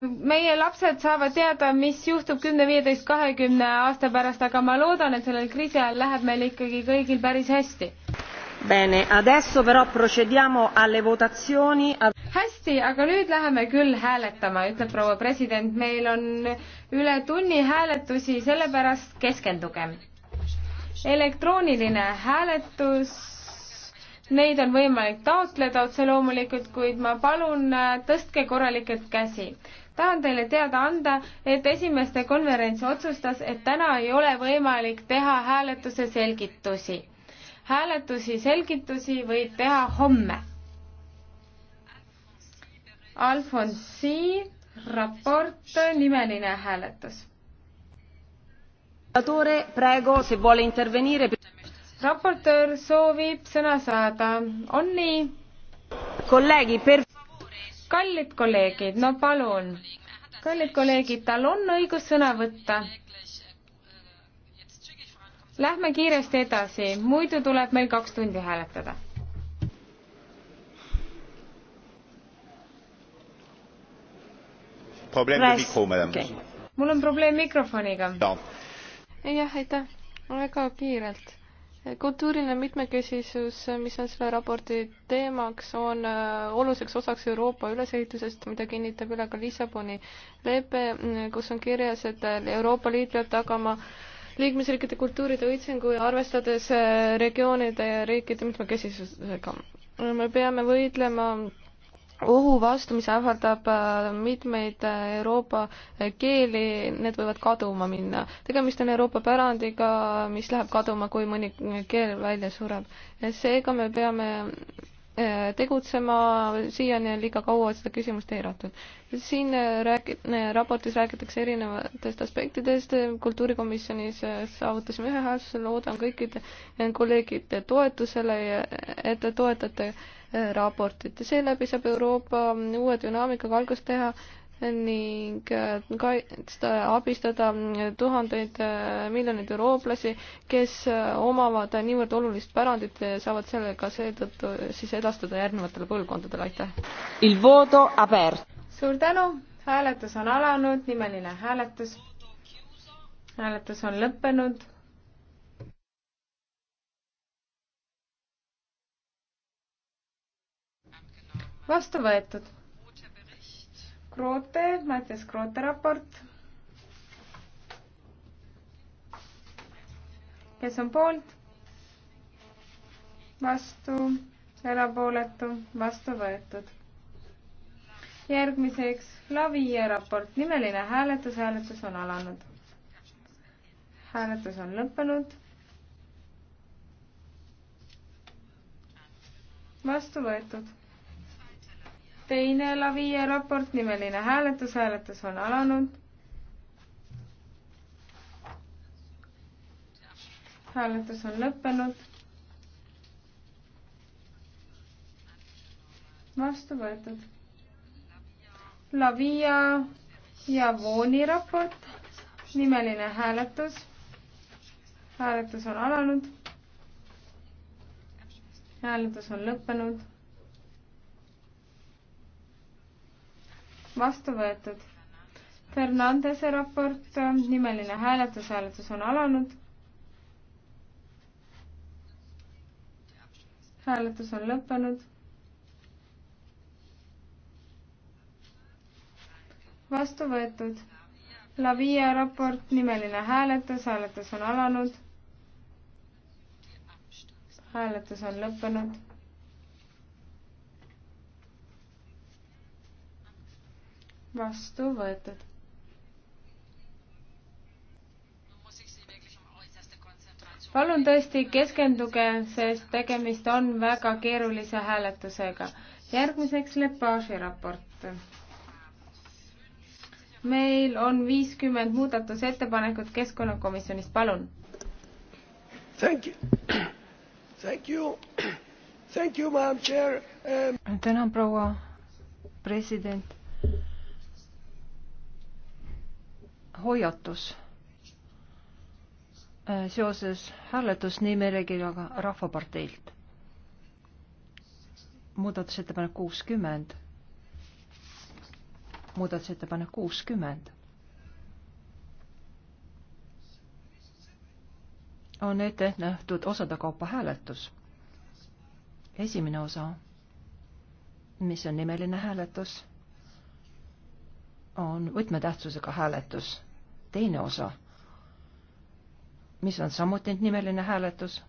meie lapsed saavad teada, mis juhtub kümne, viieteist, kahekümne aasta pärast, aga ma loodan, et sellel kriisi ajal läheb meil ikkagi kõigil päris hästi. hästi, aga nüüd läheme küll hääletama, ütleb proua president, meil on üle tunni hääletusi, sellepärast keskendugem. elektrooniline hääletus Neid on võimalik taotleda otse loomulikult, kuid ma palun, äh, tõstke korralikult käsi tahan teile teada anda, et esimeste konverents otsustas, et täna ei ole võimalik teha hääletuse selgitusi. hääletusi selgitusi võib teha homme. Alfonsi raport, nimeline hääletus. Prego, se vuole intervenire raportöör soovib sõna saada. on nii? kolleegi per- kallid kolleegid, no palun, kallid kolleegid, tal on õigus sõna võtta. Lähme kiiresti edasi, muidu tuleb meil kaks tundi hääletada probleem de micro, madame okay.. mul on probleem mikrofoniga. jah, aitäh. väga kiirelt kultuuriline mitmekesisus, mis on selle raporti teemaks, on äh, oluliseks osaks Euroopa ülesehitusest, mida kinnitab üle ka Lissaboni lepe, kus on kirjas, et äh, Euroopa Liit peab tagama liikmesriikide kultuuride õitsingu ja arvestades äh, regioonide ja riikide mitmekesisusega. me peame võitlema ohu vastu, mis ähvardab äh, mitmeid äh, Euroopa äh, keeli, need võivad kaduma minna. tegemist on Euroopa pärandiga, mis läheb kaduma, kui mõni keel välja sureb. seega me peame Äh, tegutsema, siiani on liiga kaua seda küsimust eiratud. siin äh, räägi-, äh, raportis räägitakse erinevatest aspektidest, kultuurikomisjonis saavutasime ühehäälsuse, loodan kõikide kolleegide toetusele ja et te toetate raportit ja seeläbi saab Euroopa uue dünaamikaga algust teha ning äh, kaitsta, abistada tuhandeid, äh, miljoneid eurooplasi, kes äh, omavad niivõrd olulist pärandit, saavad sellega seetõttu siis edastada järgnevatele põlvkondadele, aitäh! suur tänu, hääletus on alanud, nimeline hääletus. hääletus on lõppenud. vastu võetud Kroote, Mattias Kroote raport. kes on poolt? vastu, erapooletu, vastu võetud. järgmiseks Lavia raport, nimeline hääletus, hääletus on alanud. hääletus on lõppenud. vastu võetud teine Lavia raport, nimeline hääletus, hääletus on alanud. hääletus on lõppenud. vastu võetud. Lavia ja Vooni raport, nimeline hääletus. hääletus on alanud. hääletus on lõppenud vastu võetud. Fernandese raport, nimeline hääletus, hääletus on alanud. hääletus on lõppenud. vastu võetud. Lavia raport, nimeline hääletus, hääletus on alanud. hääletus on lõppenud vastu võetud. palun tõesti keskenduge, sest tegemist on väga keerulise hääletusega. järgmiseks Lepage raport. meil on viiskümmend muudatusettepanekut Keskkonnakomisjonist, palun. Thank you, thank you, thank you, madam chair um.... tänan, proua president hoiatus äh, seoses hääletusnimekirjaga Rahvaparteilt. muudatusettepanek kuuskümmend, muudatusettepanek kuuskümmend on ette nähtud osade kaupa hääletus. esimene osa, mis on nimeline hääletus, on võtmetähtsusega hääletus teine osa, mis on samuti nimeline hääletus,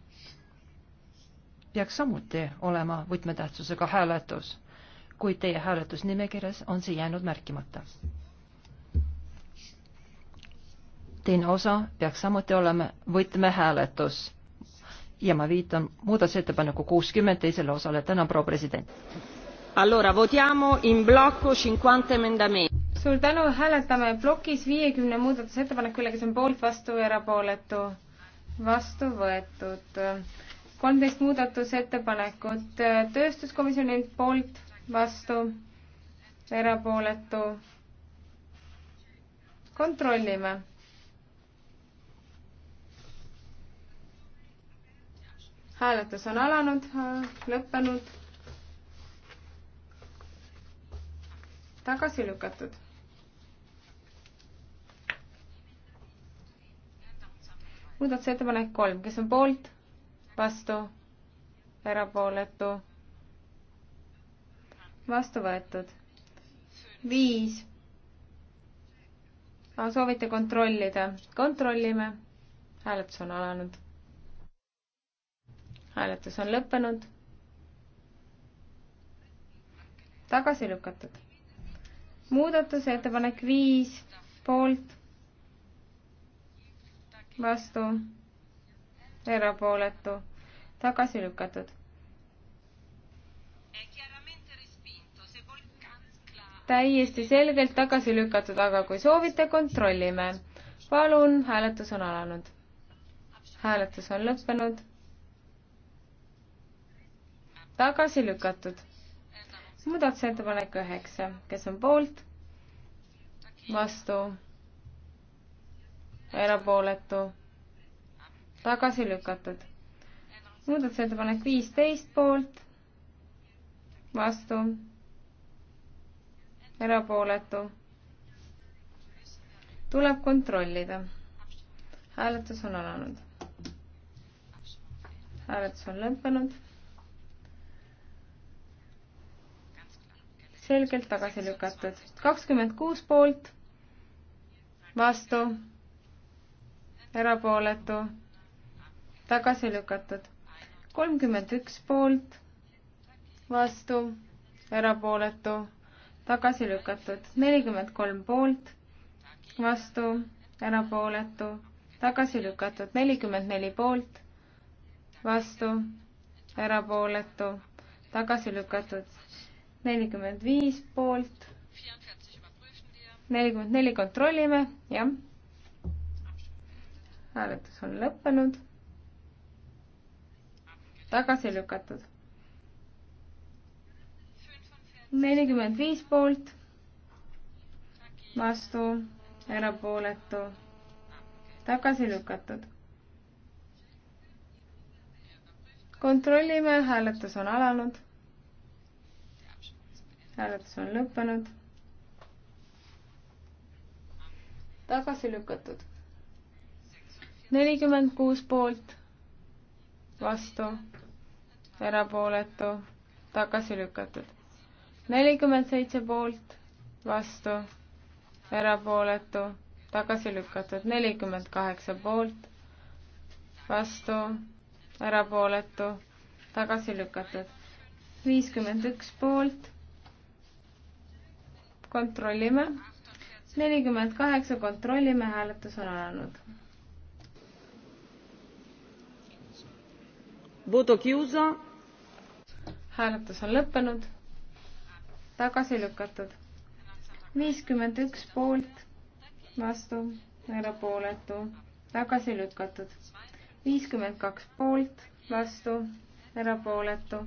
peaks samuti olema võtmetähtsusega hääletus, kuid teie hääletusnimekirjas on see jäänud märkimata. teine osa peaks samuti olema võtmehääletus ja ma viitan muudatusettepaneku kuuskümmend teisele osale, tänan proua president. Allora votiamo in blocco cinquanta emendamenti suur tänu, hääletame plokis viiekümne muudatusettepaneku üle, kes on poolt, vastu, erapooletu, vastu võetud. kolmteist muudatusettepanekut tööstuskomisjonilt poolt, vastu, erapooletu. kontrollime. hääletus on alanud, lõppenud tagasi lükatud muudatusettepanek kolm, kes on poolt, vastu, erapooletu, vastu võetud. viis. soovite kontrollida? kontrollime. hääletus on alanud. hääletus on lõppenud. tagasi lükatud muudatusettepanek viis poolt, vastu, erapooletu, tagasi lükatud. täiesti selgelt tagasi lükatud, aga kui soovite, kontrollime. palun, hääletus on alanud. hääletus on lõppenud. tagasi lükatud. muudatusettepanek üheksa, kes on poolt? vastu erapooletu, tagasi lükatud. muudatusettepanek viisteist poolt, vastu, erapooletu. tuleb kontrollida. hääletus on alanud. hääletus on lõppenud. selgelt tagasi lükatud, kakskümmend kuus poolt, vastu erapooletu, tagasi lükatud. kolmkümmend üks poolt, vastu, erapooletu, tagasi lükatud. nelikümmend kolm poolt, vastu, erapooletu, tagasi lükatud. nelikümmend neli poolt, vastu, erapooletu, tagasi lükatud. nelikümmend viis poolt, nelikümmend neli kontrollime, jah hääletus on lõppenud. tagasi lükatud. nelikümmend viis poolt, vastu, erapooletu, tagasi lükatud. kontrollime, hääletus on alanud. hääletus on lõppenud. tagasi lükatud nelikümmend kuus poolt, vastu, erapooletu, tagasi lükatud. nelikümmend seitse poolt, vastu, erapooletu, tagasi lükatud. nelikümmend kaheksa poolt, vastu, erapooletu, tagasi lükatud. viiskümmend üks poolt, kontrollime. nelikümmend kaheksa, kontrollime, hääletus on alanud voto chiuso. hääletus on lõppenud. tagasi lükatud. viiskümmend üks poolt, vastu, erapooletu, tagasi lükatud. viiskümmend kaks poolt, vastu, erapooletu,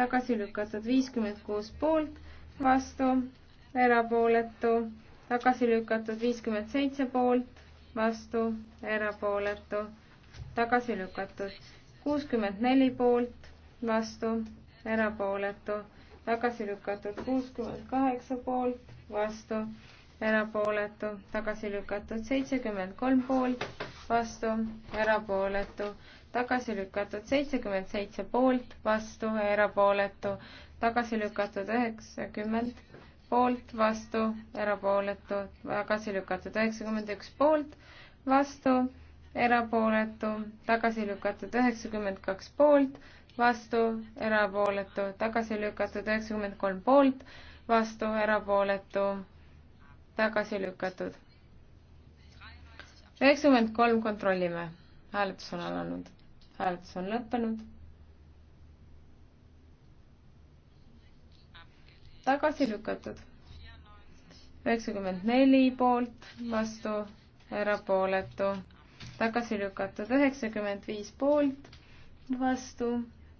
tagasi lükatud. viiskümmend kuus poolt, vastu, erapooletu, tagasi lükatud. viiskümmend seitse poolt, vastu, erapooletu, tagasi lükatud kuuskümmend neli poolt, vastu, erapooletu, tagasi lükatud kuuskümmend kaheksa poolt, vastu, erapooletu, tagasi lükatud seitsekümmend kolm poolt, vastu, erapooletu, tagasi lükatud seitsekümmend seitse poolt, vastu, erapooletu, tagasi lükatud üheksakümmend poolt, vastu, erapooletu, tagasi lükatud üheksakümmend üks poolt, vastu erapooletu, tagasi lükatud üheksakümmend kaks poolt, vastu, erapooletu, tagasi lükatud üheksakümmend kolm poolt, vastu, erapooletu, tagasi lükatud. üheksakümmend kolm kontrollime. hääletus on alanud, hääletus on lõppenud. tagasi lükatud. üheksakümmend neli poolt, vastu, erapooletu tagasi lükatud üheksakümmend viis poolt, vastu,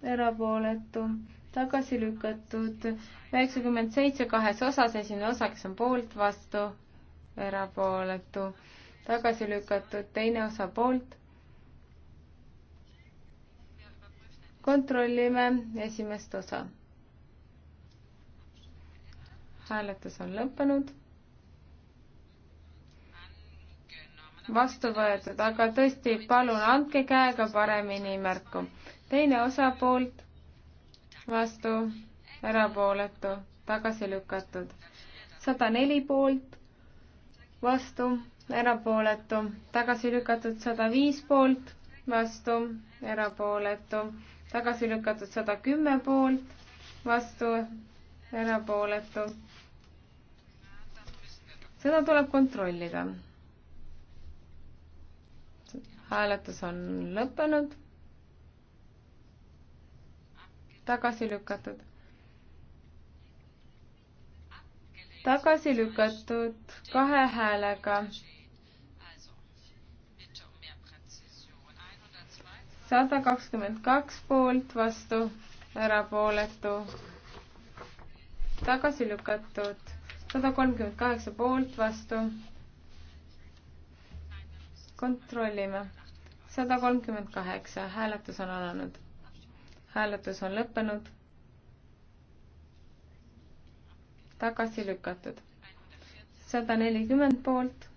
erapooletu, tagasi lükatud üheksakümmend seitse kahes osas, esimene osa, kes on poolt, vastu, erapooletu, tagasi lükatud teine osa poolt. kontrollime esimest osa. hääletus on lõppenud vastu võetud, aga tõesti, palun andke käega paremini märku. teine osapoolt vastu, erapooletu, tagasi lükatud. sada neli poolt vastu, erapooletu, tagasi lükatud, sada viis poolt vastu, erapooletu, tagasi lükatud, sada kümme poolt vastu, erapooletu. seda tuleb kontrollida hääletus on lõppenud. tagasi lükatud. tagasi lükatud kahe häälega. sada kakskümmend kaks poolt, vastu, erapooletu. tagasi lükatud sada kolmkümmend kaheksa poolt, vastu kontrollime. sada kolmkümmend kaheksa, hääletus on alanud. hääletus on lõppenud. tagasi lükatud. sada nelikümmend poolt,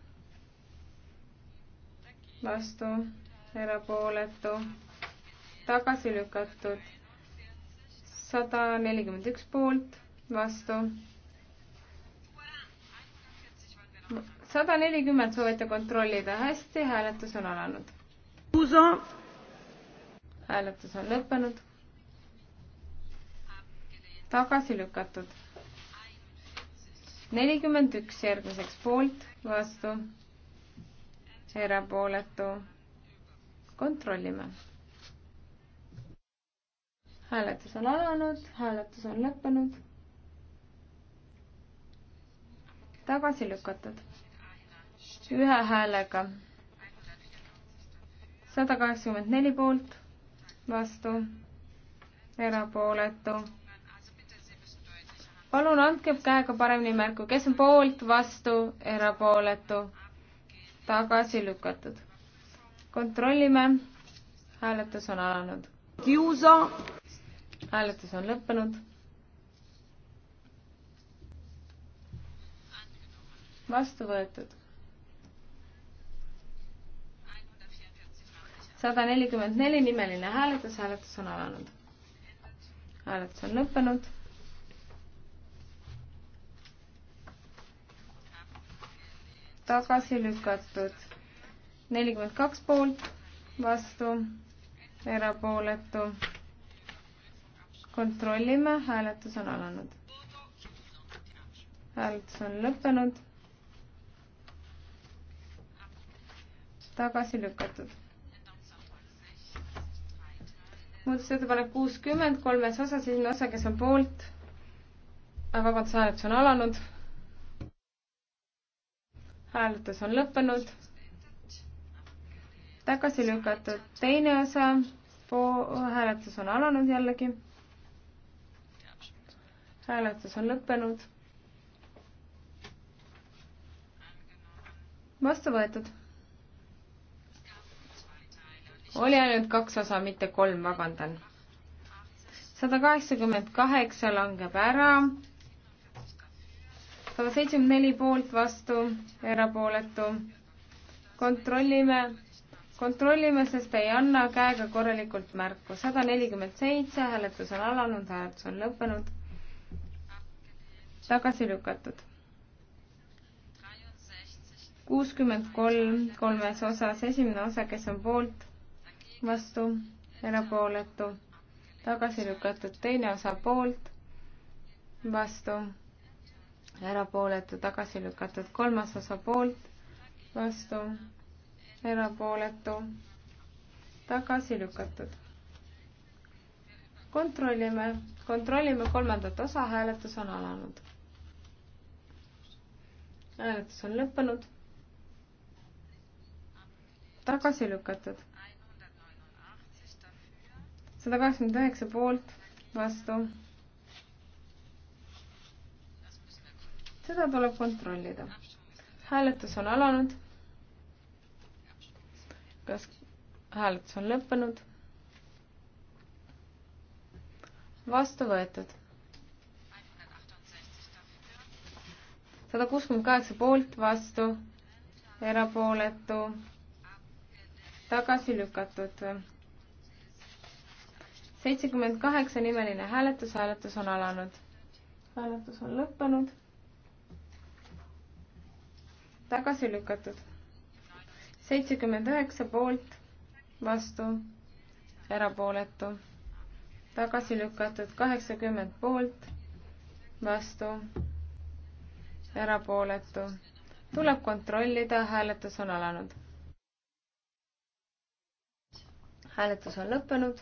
vastu, erapooletu, tagasi lükatud. sada nelikümmend üks poolt, vastu sada nelikümmend soovite kontrollida, hästi, hääletus on alanud. hääletus on lõppenud. tagasi lükatud. nelikümmend üks järgmiseks poolt, vastu, erapooletu. kontrollime. hääletus on alanud, hääletus on lõppenud tagasi lükatud ühe häälega. sada kaheksakümmend neli poolt, vastu, erapooletu. palun andke käega paremini märku, kes on poolt, vastu, erapooletu, tagasi lükatud. kontrollime, hääletus on alanud. Kiusa. hääletus on lõppenud vastu võetud. sada nelikümmend neli nimeline hääletus, hääletus on alanud. hääletus on lõppenud. tagasi lükatud. nelikümmend kaks poolt, vastu, erapooletu. kontrollime, hääletus on alanud. hääletus on lõppenud tagasi lükatud muudatusettepanek kuuskümmend kolmes osas, esimene osa, kes on poolt. Ah, vabandust, hääletus on alanud. hääletus on lõppenud. tagasi lükatud teine osa, hääletus on alanud jällegi. hääletus on lõppenud. vastu võetud oli ainult kaks osa, mitte kolm, vabandan. sada kaheksakümmend kaheksa langeb ära. sada seitsekümmend neli poolt, vastu, erapooletu. kontrollime, kontrollime, sest ei anna käega korralikult märku. sada nelikümmend seitse, hääletus on alanud, hääletus on lõppenud. tagasi lükatud kuuskümmend kolm kolmes osas, esimene osa, kes on poolt, vastu, erapooletu, tagasi lükatud, teine osa poolt, vastu, erapooletu, tagasi lükatud, kolmas osa poolt, vastu, erapooletu, tagasi lükatud. kontrollime, kontrollime kolmandat osa, hääletus on alanud. hääletus on lõppenud. tagasi lükatud sada kaheksakümmend üheksa poolt, vastu. seda tuleb kontrollida. hääletus on alanud. kas hääletus on lõppenud? vastu võetud. sada kuuskümmend kaheksa poolt, vastu, erapooletu, tagasi lükatud seitsekümmend kaheksa nimeline hääletus, hääletus on alanud. hääletus on lõppenud. tagasi lükatud. seitsekümmend üheksa poolt, vastu, erapooletu. tagasi lükatud kaheksakümmend poolt, vastu, erapooletu. tuleb kontrollida, hääletus on alanud. hääletus on lõppenud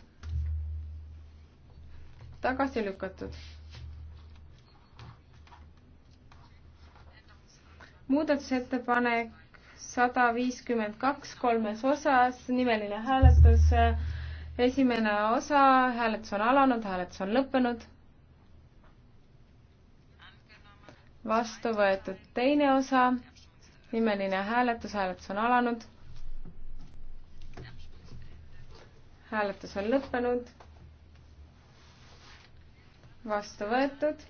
tagasi lükatud. muudatusettepanek sada viiskümmend kaks kolmes osas, nimeline hääletus. esimene osa, hääletus on alanud, hääletus on lõppenud. vastu võetud teine osa, nimeline hääletus, hääletus on alanud. hääletus on lõppenud vastu võetud.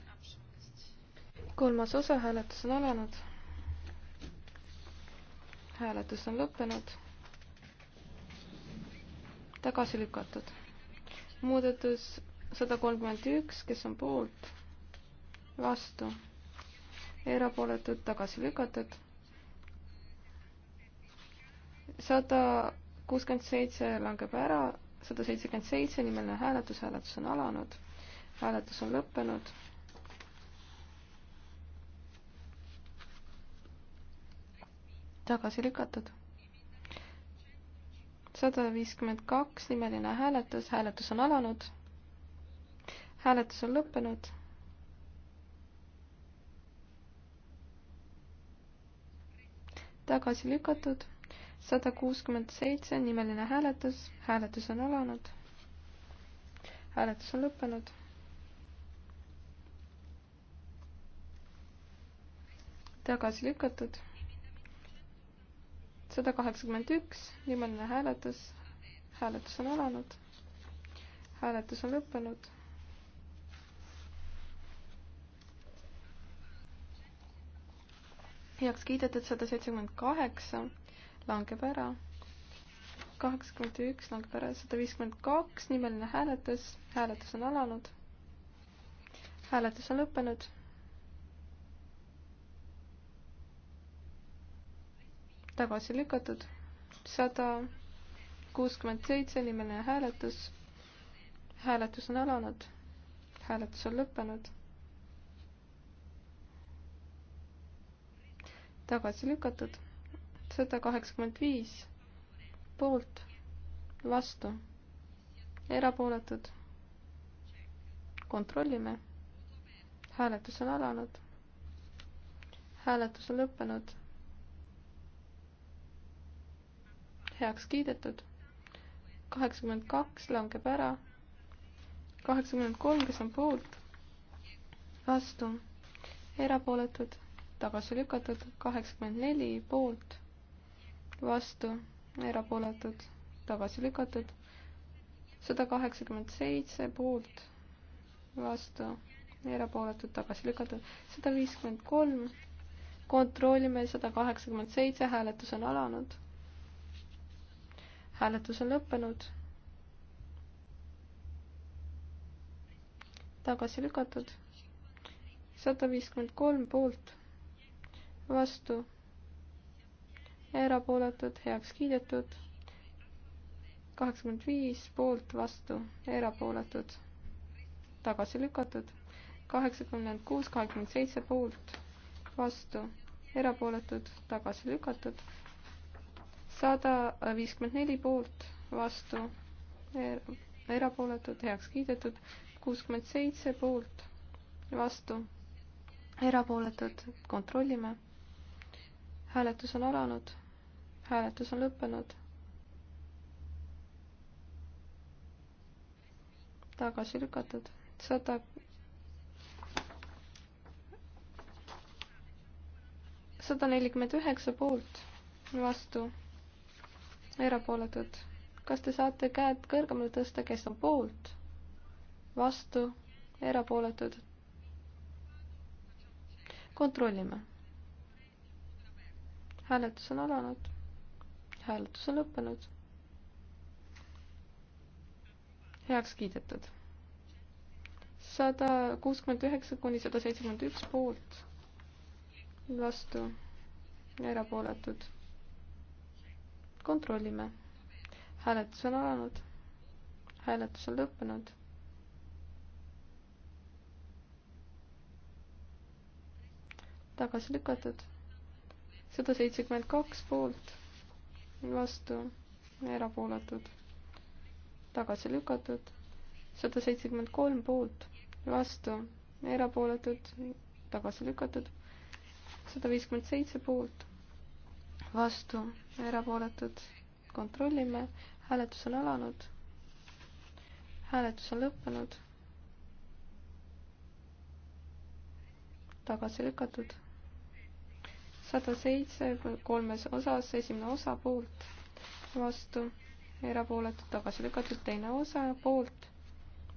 kolmas osa, hääletus on alanud. hääletus on lõppenud. tagasi lükatud. muudatus sada kolmkümmend üks, kes on poolt, vastu, erapooletud, tagasi lükatud. sada kuuskümmend seitse langeb ära, sada seitsekümmend seitse nimeline hääletus, hääletus on alanud hääletus on lõppenud. tagasi lükatud. sada viiskümmend kaks nimeline hääletus, hääletus on alanud. hääletus on lõppenud. tagasi lükatud. sada kuuskümmend seitse nimeline hääletus, hääletus on alanud. hääletus on lõppenud tagasi lükatud. sada kaheksakümmend üks, nimeline hääletus, hääletus on alanud, hääletus on lõppenud. heaks kiidetud sada seitsekümmend kaheksa langeb ära, kaheksakümmend üks langeb ära, sada viiskümmend kaks, nimeline hääletus, hääletus on alanud, hääletus on lõppenud tagasi lükatud. sada kuuskümmend seitse nimeline hääletus. hääletus on alanud. hääletus on lõppenud. tagasi lükatud. sada kaheksakümmend viis poolt, vastu, erapooletud. kontrollime. hääletus on alanud. hääletus on lõppenud heaks kiidetud. kaheksakümmend kaks langeb ära. kaheksakümmend kolm, kes on poolt, vastu, erapooletud, tagasi lükatud. kaheksakümmend neli poolt, vastu, erapooletud, tagasi lükatud. sada kaheksakümmend seitse poolt, vastu, erapooletud, tagasi lükatud. sada viiskümmend kolm kontrollime sada kaheksakümmend seitse, hääletus on alanud hääletus on lõppenud. tagasi lükatud. sada viiskümmend kolm poolt, vastu, erapooletud, heaks kiidetud. kaheksakümmend viis poolt, vastu, erapooletud, tagasi lükatud. kaheksakümmend kuus, kahekümmend seitse poolt, vastu, erapooletud, tagasi lükatud sada viiskümmend neli poolt, vastu, er-, erapooletud, heaks kiidetud, kuuskümmend seitse poolt, vastu, erapooletud, kontrollime. hääletus on alanud, hääletus on lõppenud. tagasi lükatud, sada sada nelikümmend üheksa poolt, vastu erapooletud. kas te saate käed kõrgemale tõsta, kes on poolt? vastu, erapooletud. kontrollime. hääletus on alanud. hääletus on lõppenud. heaks kiidetud. sada kuuskümmend üheksa kuni sada seitsekümmend üks poolt, vastu, erapooletud kontrollime. hääletus on alanud. hääletus on lõppenud. tagasi lükatud. sada seitsekümmend kaks poolt, vastu, erapooletud, tagasi lükatud. sada seitsekümmend kolm poolt, vastu, erapooletud, tagasi lükatud. sada viiskümmend seitse poolt, vastu, erapooletud, kontrollime, hääletus on alanud, hääletus on lõppenud, tagasi lükatud, sada seitse kolmes osas, esimene osa poolt, vastu, erapooletud, tagasi lükatud, teine osa poolt,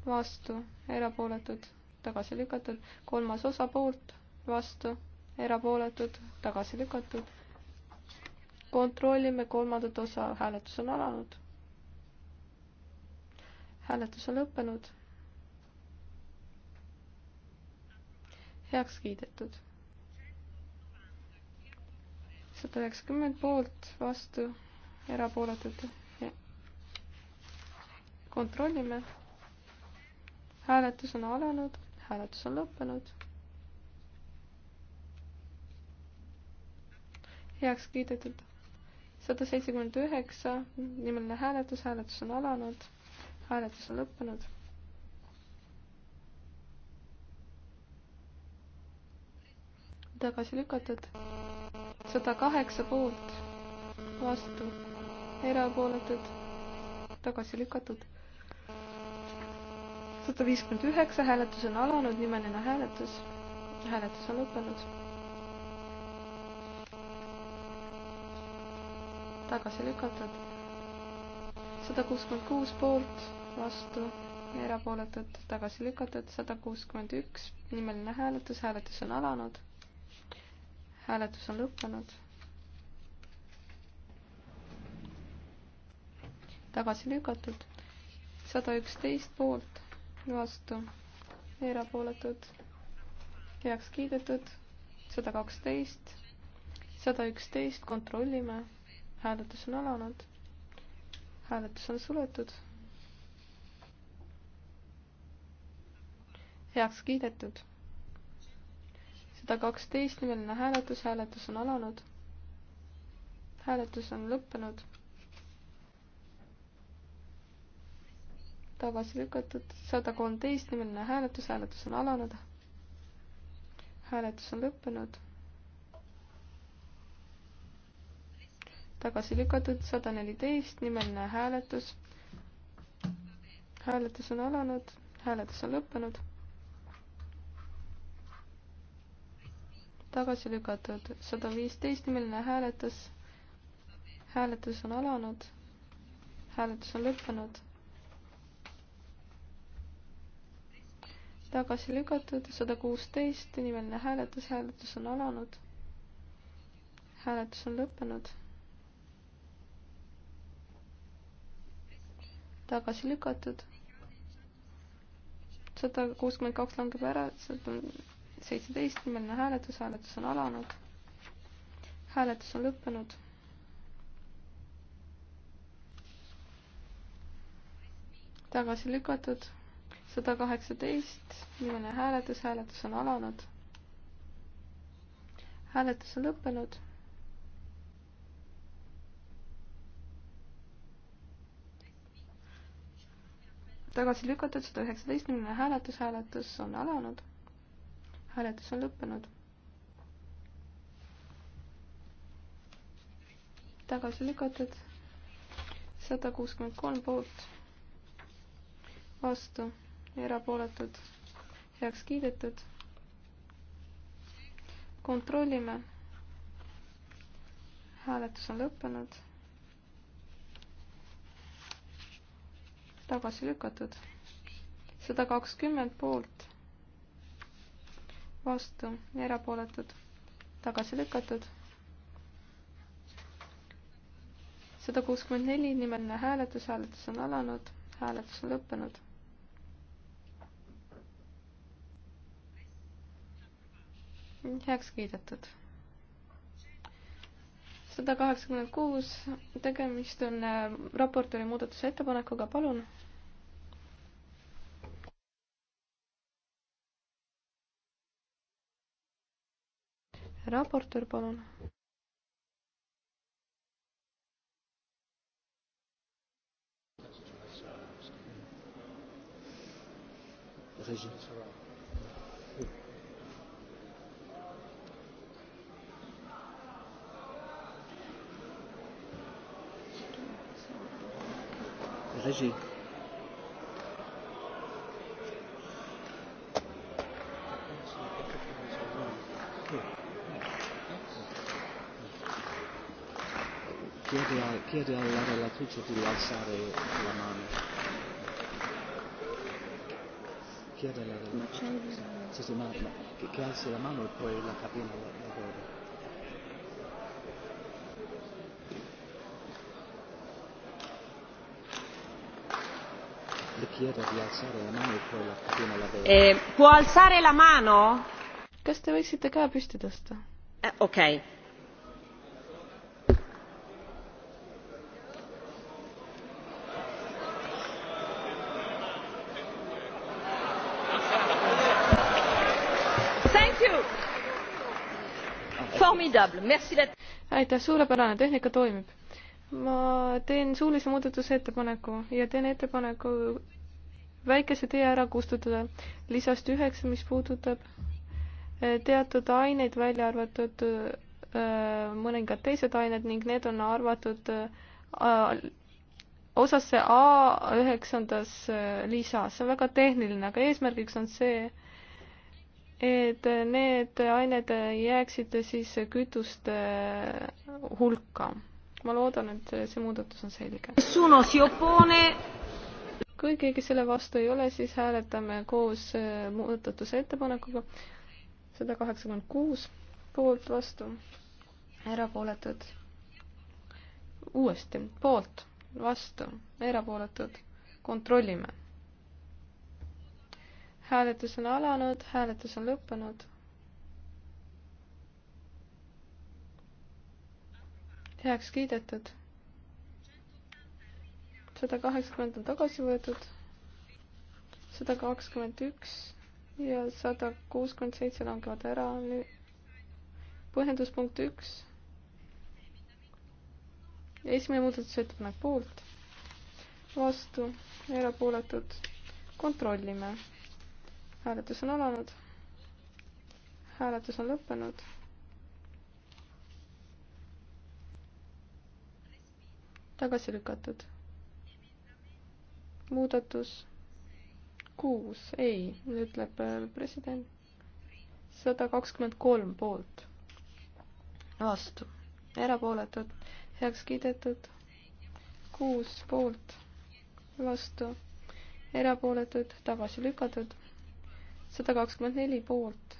vastu, erapooletud, tagasi lükatud, kolmas osa poolt, vastu, erapooletud, tagasi lükatud kontrollime kolmandat osa, hääletus on alanud. hääletus on lõppenud. heaks kiidetud. sada üheksakümmend poolt, vastu, erapooletud. kontrollime. hääletus on alanud, hääletus on lõppenud heaks kiidetud sada seitsekümmend üheksa, nimeline hääletus, hääletus on alanud, hääletus on lõppenud. tagasi lükatud, sada kaheksa poolt, vastu, erapooletud, tagasi lükatud. sada viiskümmend üheksa, hääletus on alanud, nimeline hääletus, hääletus on lõppenud tagasi lükatud. sada kuuskümmend kuus poolt, vastu ja erapooletud tagasi lükatud, sada kuuskümmend üks, nimeline hääletus, hääletus on alanud. hääletus on lõppenud. tagasi lükatud, sada üksteist poolt, vastu, erapooletud, heaks kiidetud, sada kaksteist, sada üksteist, kontrollime hääletus on alanud. hääletus on suletud. heaks kiidetud. sada kaksteist nimeline hääletus, hääletus on alanud. hääletus on lõppenud. tagasi lükatud, sada kolmteist nimeline hääletus, hääletus on alanud. hääletus on lõppenud tagasi lükatud, sada neliteist, nimeline hääletus. hääletus on alanud, hääletus on lõppenud. tagasi lükatud, sada viisteist, nimeline hääletus. hääletus on alanud, hääletus on lõppenud tagasi lükatud, sada kuusteist inimene hääletus, hääletus on alanud. hääletus on lõppenud tagasi lükatud. sada kuuskümmend kaks langeb ära, sada seitseteist nimeline hääletus, hääletus on alanud. hääletus on lõppenud. tagasi lükatud, sada kaheksateist nimeline hääletus, hääletus on alanud. hääletus on lõppenud tagasi lükatud, sada üheksateistkümnene hääletus, hääletus on alanud. hääletus on lõppenud. tagasi lükatud, sada kuuskümmend kolm poolt, vastu, erapooletud, heaks kiidetud. kontrollime. hääletus on lõppenud tagasi lükatud. sada kakskümmend poolt, vastu, erapooletud, tagasi lükatud. sada kuuskümmend neli, nimeline hääletus, hääletus on alanud, hääletus on lõppenud. heaks kiidetud kakssada kaheksakümmend kuus, tegemist on äh, raportööri muudatusettepanekuga, palun. raportöör, palun. Régis. Vas-y. Chiedi, a, chiedi alla relatrice di alzare la mano. Chiedi alla relatrice sì, sì, ma, ma, che, che alzi la mano e poi la cabina lavora. E eh, kas te võiksite käe püsti tõsta? Eh, okei okay.. aitäh, suurepärane, tehnika toimib. ma teen suulise muudatusettepaneku ja teen ettepaneku väikese tee ära kustutada lisast üheksa, mis puudutab eh, teatud aineid, välja arvatud eh, mõningad teised ained ning need on arvatud eh, osasse A üheksandas lisas, see on väga tehniline, aga eesmärgiks on see, et need ained jääksid siis kütuste hulka. ma loodan, et see muudatus on selge kui keegi selle vastu ei ole, siis hääletame koos äh, muudatuse ettepanekuga sada kaheksakümmend kuus poolt vastu, erapooletud. uuesti poolt, vastu, erapooletud, kontrollime. hääletus on alanud, hääletus on lõppenud. heaks kiidetud sada kaheksakümmend on tagasi võetud, sada kakskümmend üks ja sada kuuskümmend seitse langevad ära, nüüd põhjendus punkt üks. esimene muudatusettepanek poolt, vastu, erapooletud, kontrollime. hääletus on alanud, hääletus on lõppenud tagasi lükatud muudatus kuus, ei, ütleb äh, president. sada kakskümmend kolm poolt, vastu, erapooletud, heaks kiidetud, kuus poolt, vastu, erapooletud, tagasi lükatud, sada kakskümmend neli poolt,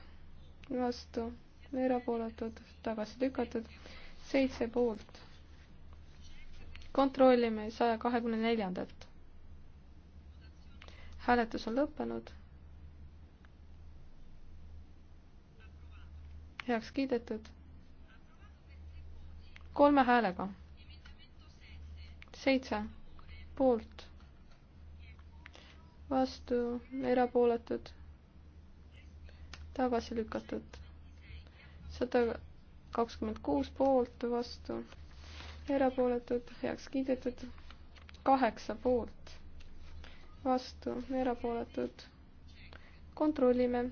vastu, erapooletud, tagasi lükatud, seitse poolt. kontrollime saja kahekümne neljandat hääletus on lõppenud. heaks kiidetud. kolme häälega. seitse poolt, vastu, erapooletud, tagasi lükatud. sada kakskümmend kuus poolt, vastu, erapooletud, heaks kiidetud, kaheksa poolt vastu, erapooletud. kontrollime.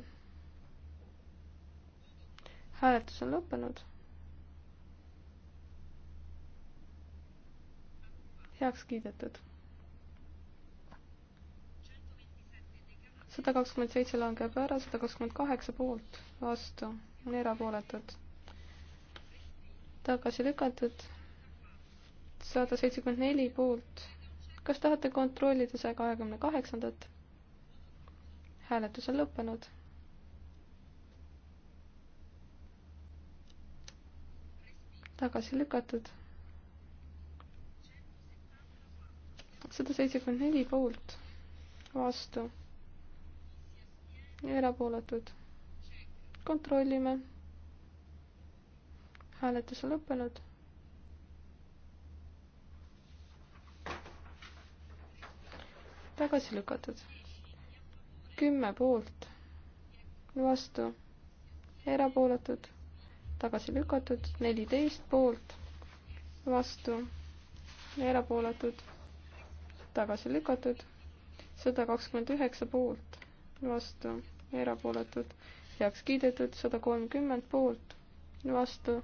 hääletus on lõppenud. heaks kiidetud. sada kakskümmend seitse langeb ära, sada kakskümmend kaheksa poolt, vastu, erapooletud. tagasi lükatud, sada seitsekümmend neli poolt kas tahate kontrollida saja kahekümne kaheksandat? hääletus on lõppenud. tagasi lükatud. sada seitsekümmend neli poolt, vastu ja erapooletud. kontrollime. hääletus on lõppenud tagasi lükatud. kümme poolt, vastu, erapooletud, tagasi lükatud, neliteist poolt, vastu, erapooletud, tagasi lükatud, sada kakskümmend üheksa poolt, vastu, erapooletud, heaks kiidetud, sada kolmkümmend poolt, vastu,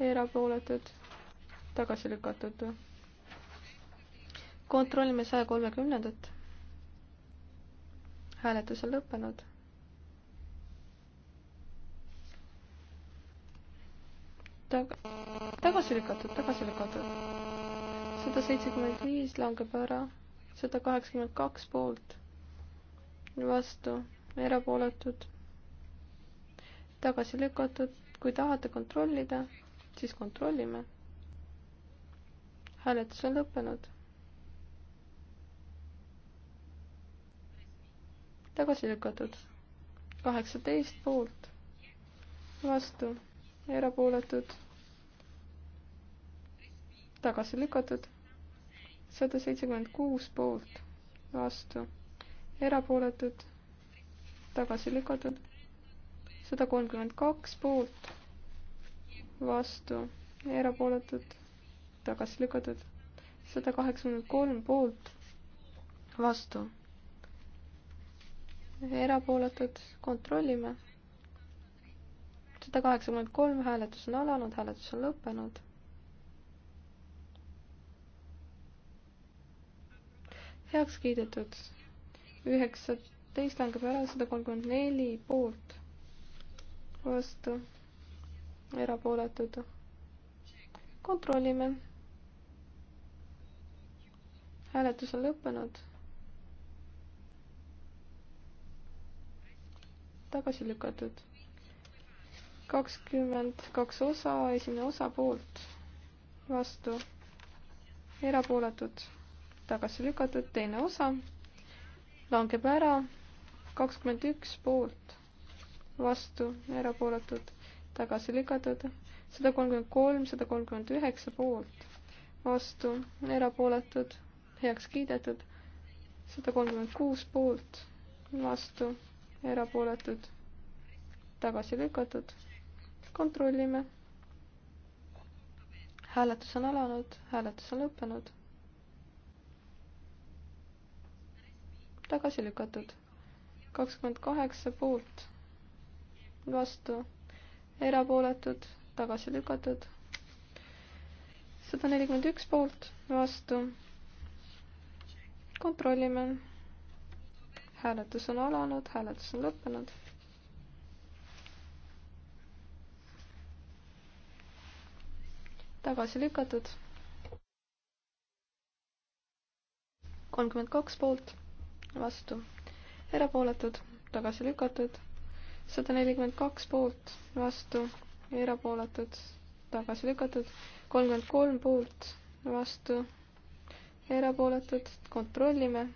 erapooletud, tagasi lükatud kontrollime saja kolmekümnendat hääletus on lõppenud. tag-, tagasi lükatud, tagasi lükatud. sada seitsekümmend viis langeb ära, sada kaheksakümmend kaks poolt, vastu, erapooletud, tagasi lükatud, kui tahate kontrollida, siis kontrollime. hääletus on lõppenud tagasi lükatud. kaheksateist poolt, vastu, erapooletud, tagasi lükatud. sada seitsekümmend kuus poolt, vastu, erapooletud, tagasi lükatud. sada kolmkümmend kaks poolt, vastu, erapooletud, tagasi lükatud. sada kaheksakümmend kolm poolt, vastu erapooletud, kontrollime. sada kaheksakümmend kolm, hääletus on alanud, hääletus on lõppenud. heaks kiidetud. üheksateist langeb ära, sada kolmkümmend neli poolt, vastu, erapooletud. kontrollime. hääletus on lõppenud tagasi lükatud. kakskümmend kaks osa, esimene osa poolt, vastu, erapooletud, tagasi lükatud, teine osa langeb ära, kakskümmend üks poolt, vastu, erapooletud, tagasi lükatud, sada kolmkümmend kolm, sada kolmkümmend üheksa poolt, vastu, erapooletud, heaks kiidetud, sada kolmkümmend kuus poolt, vastu, erapooletud, tagasi lükatud. kontrollime. hääletus on alanud, hääletus on lõppenud. tagasi lükatud. kakskümmend kaheksa poolt, vastu, erapooletud, tagasi lükatud. sada nelikümmend üks poolt, vastu. kontrollime hääletus on alanud, hääletus on lõppenud. tagasi lükatud. kolmkümmend kaks poolt, vastu, erapooletud, tagasi lükatud. sada nelikümmend kaks poolt, vastu, erapooletud, tagasi lükatud. kolmkümmend kolm poolt, vastu, erapooletud, kontrollime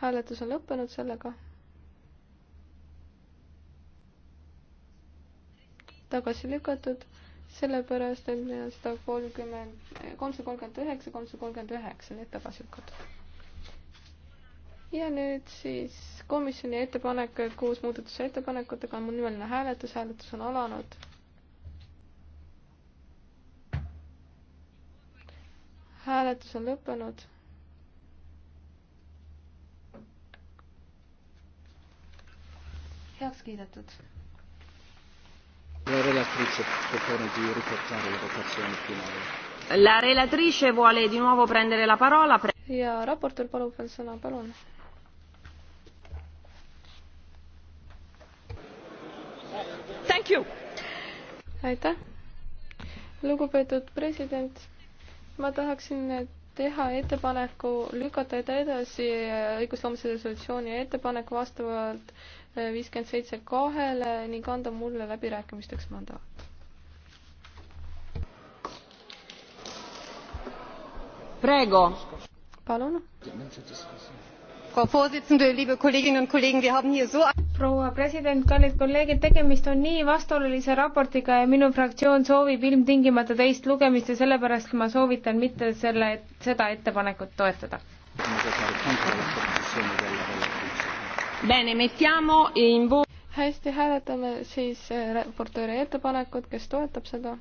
hääletus on lõppenud sellega. tagasi lükatud, sellepärast et sada kolmkümmend, kolmsada kolmkümmend üheksa, kolmsada kolmkümmend üheksa, need tagasi lükatud. ja nüüd siis komisjoni ettepanek koos muudatusettepanekutega on mul nimeline hääletus, hääletus on alanud hääletus on lõppenud. heaks kiidetud. La relatrice vuole di nuovo prendere la parola. Pre- ja raportöör palub veel sõna, palun. Thank you. aitäh. lugupeetud president, ma tahaksin teha ettepaneku lükata edasi õigusloomse resolutsiooni ettepanek vastavalt äh, viiskümmend seitse kahele ning anda mulle läbirääkimisteks mandaat. palun frau präsidentin liebe kolleginnen und kollegen! wir haben hier so proua president kallid kolleegid tegemist on nii vastuolulise raportiga ja minu fraktsioon soovib ilmtingimata teist lugemist ja sellepärast ma soovitan mitte selle seda ettepanekut toetada. hästi hääletame siis äh, raportööri ettepanekut kes toetab seda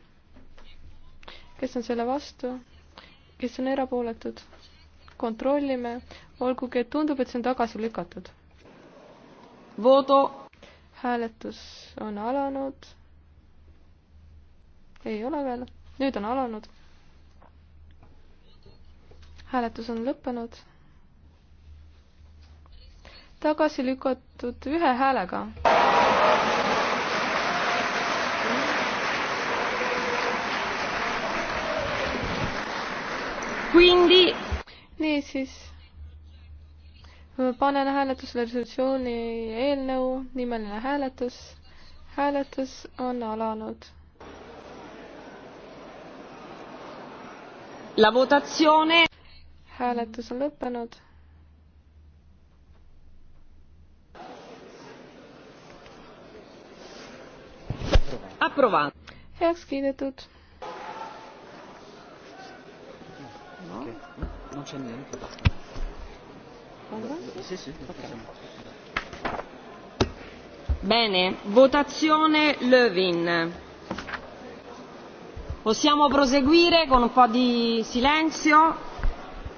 kes on selle vastu kes on erapooletud kontrollime olgugi, et tundub, et see on tagasi lükatud. Vodo. hääletus on alanud. ei ole veel, nüüd on alanud. hääletus on lõppenud. tagasi lükatud ühe häälega. Quindi niisiis panen hääletusele resolutsiooni eelnõu, nimeline hääletus. hääletus on alanud. La votazione. hääletus on lõppenud approvato. Heaks kiidetud. No, non c'è niente. Bene, votazione Lövin. Possiamo proseguire con un po' di silenzio.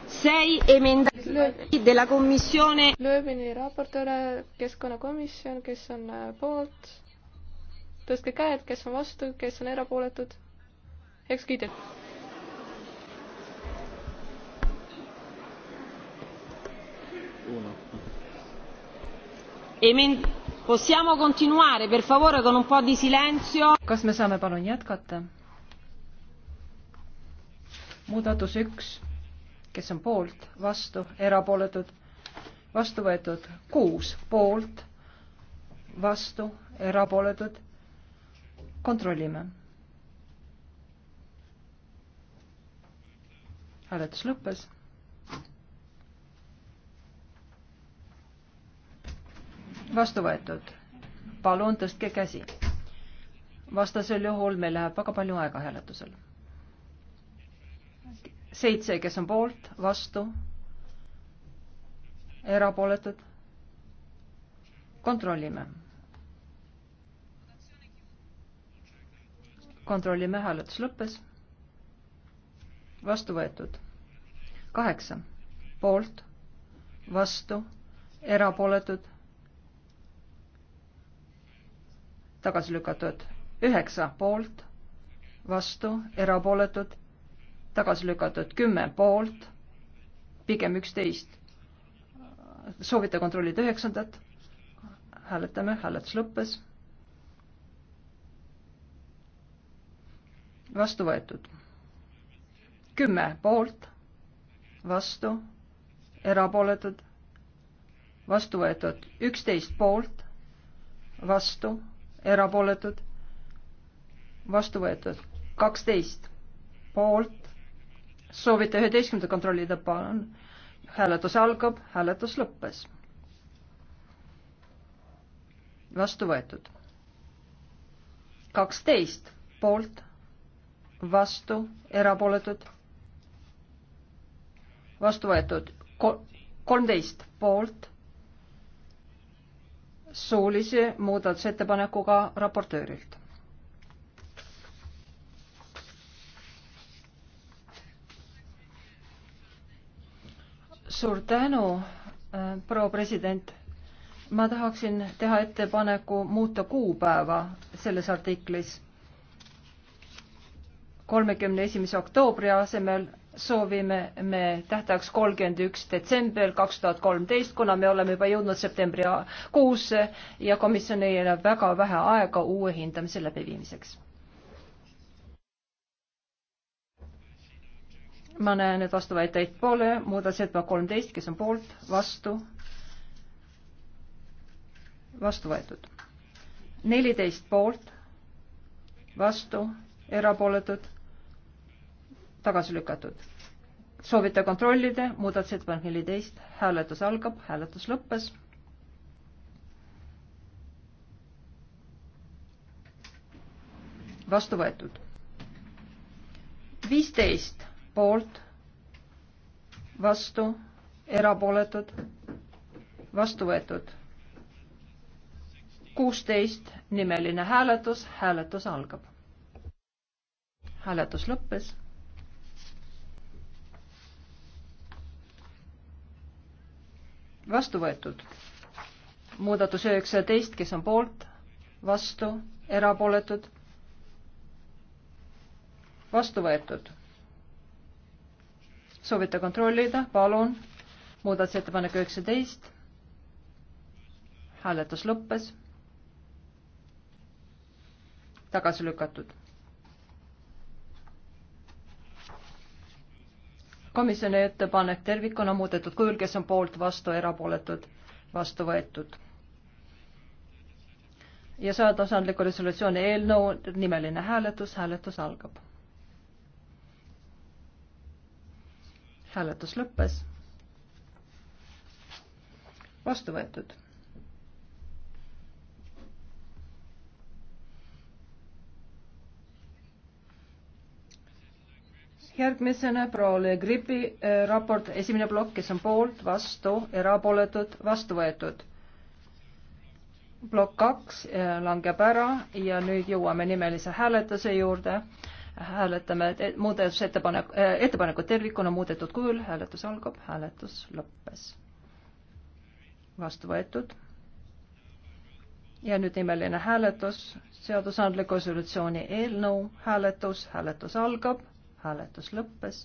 Sei emendamenti della Commissione. Lövini raportööre, keskkonnakomisjon, kes on äh, poolt. tõstke käed, kes on vastu, kes on erapooletud. heaks kiidetud Possiamo continuare, per favore, con un po' di silenzio. kas me saame palun jätkata? muudatus üks, kes on poolt, vastu, erapooletud, vastu võetud kuus poolt, vastu, erapooletud. kontrollime. hääletus lõppes vastu võetud. palun tõstke käsi. vastasel juhul meil läheb väga palju aega hääletusel. seitse, kes on poolt, vastu, erapooletud. kontrollime. kontrollime, hääletus lõppes. vastu võetud. kaheksa, poolt, vastu, erapooletud tagasi lükatud. üheksa poolt, vastu, erapooletud, tagasi lükatud. kümme poolt, pigem üksteist. soovite kontrollida üheksandat? hääletame, hääletus lõppes. vastu võetud. kümme poolt, vastu, erapooletud, vastu võetud, üksteist poolt, vastu erapooletud, vastu võetud. kaksteist poolt, soovite üheteistkümnenda kontrollida, palun. hääletus algab, hääletus lõppes. vastu võetud. kaksteist poolt, vastu, erapooletud, vastu võetud. kolmteist poolt soolise muudatusettepanekuga raportöörilt. suur tänu, äh, proua president. ma tahaksin teha ettepaneku muuta kuupäeva selles artiklis kolmekümne esimese oktoobri asemel soovime me tähtajaks kolmkümmend üks detsember kaks tuhat kolmteist, kuna me oleme juba jõudnud septembri kuusse ja komisjonil jääb väga vähe aega uue hindamise läbiviimiseks. ma näen, et vastuväiteid pole, muudatusettepanek kolmteist, kes on poolt, vastu, vastu võetud. neliteist poolt, vastu, erapooletud tagasi lükatud. soovite kontrollida, muudatusettepanek neliteist, hääletus algab, hääletus lõppes. vastu võetud. viisteist poolt, vastu, erapooletud, vastu võetud. kuusteist nimeline hääletus, hääletus algab. hääletus lõppes vastu võetud. muudatus üheksateist, kes on poolt, vastu, erapooletud, vastu võetud. soovite kontrollida, palun, muudatusettepanek üheksateist, hääletus lõppes, tagasi lükatud komisjoni ettepanek tervikuna muudetud kujul, kes on poolt, vastu, erapooletud, vastu võetud. ja sajatasandliku resolutsiooni eelnõu nimeline hääletus, hääletus algab. hääletus lõppes. vastu võetud järgmisena proole Gripi eh, raport, esimene plokk, kes on poolt, vastu, erapooletud, vastu võetud. plokk kaks eh, langeb ära ja nüüd jõuame nimelise hääletuse juurde. hääletame eh, muudatusettepanek, ettepanekut tervikuna muudetud kujul, hääletus algab, hääletus lõppes. vastu võetud. ja nüüd nimeline hääletus, seadusandliku resolutsiooni eelnõu hääletus, hääletus algab hääletus lõppes.